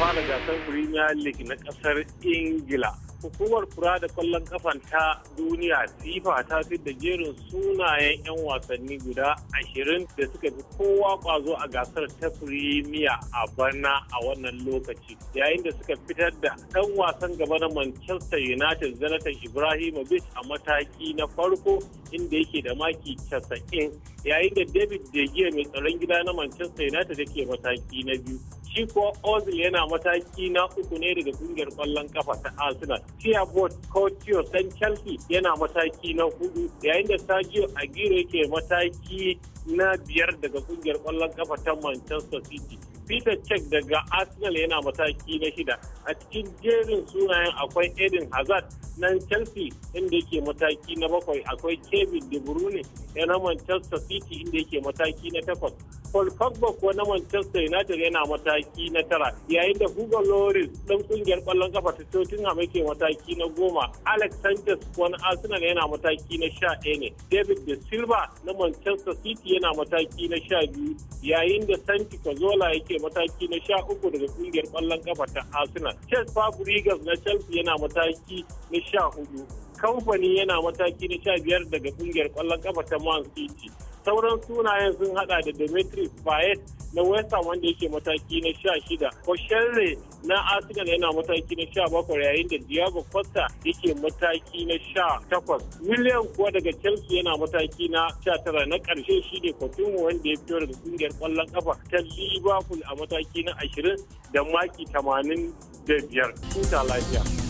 fara gasar Premier League na kasar Ingila. Hukumar kura da kwallon kafan ta duniya FIFA ta fi da jerin sunayen 'yan wasanni guda ashirin da suka fi kowa kwazo a gasar ta Premier a bana a wannan lokaci. Yayin da suka fitar da ɗan wasan gaba na Manchester United Zlatan Ibrahimovic a mataki na farko inda yake da maki 90 yayin da David De Gea mai tsaron gida na Manchester United yake mataki na biyu. shi ko ozil yana mataki na uku ne daga kungiyar kwallon kafa ta arsenal tia bot kotio dan chelsea yana mataki na hudu yayin da a aguero yake mataki na biyar daga kungiyar kwallon kafa ta manchester city Peter check daga Arsenal yana mataki na shida. A cikin jerin sunayen akwai edin Hazard nan Chelsea inda yake mataki na bakwai akwai Kevin De Bruyne yana Manchester City inda yake mataki na takwas. Paul Pogba kuwa na Manchester United yana mataki na tara yayin da Hugo Lloris ɗan kungiyar ƙwallon kafa ta Tottenham yake mataki na goma Alex Sanchez kuwa na Arsenal yana mataki na sha ɗaya ne David de Silva na Manchester City yana mataki na sha biyu yayin da Santi Cazorla yake mataki na sha uku daga kungiyar ƙwallon kafa ta Arsenal Cesc Fabregas na Chelsea yana mataki na sha hudu kamfani yana mataki na sha biyar daga kungiyar kwallon kafa ta Man City sauran sunayen sun hada da demetrius payet na west wanda yake mataki na sha shida shelley na arsenal yana mataki na sha bakwai yayin da diego costa yake mataki na sha takwas william kuwa daga chelsea yana mataki na sha tara na karshe shi ne coutinho wanda ya fito daga kungiyar kwallon kafa ta liverpool a mataki na ashirin da maki tamanin da biyar. Huta lafiya.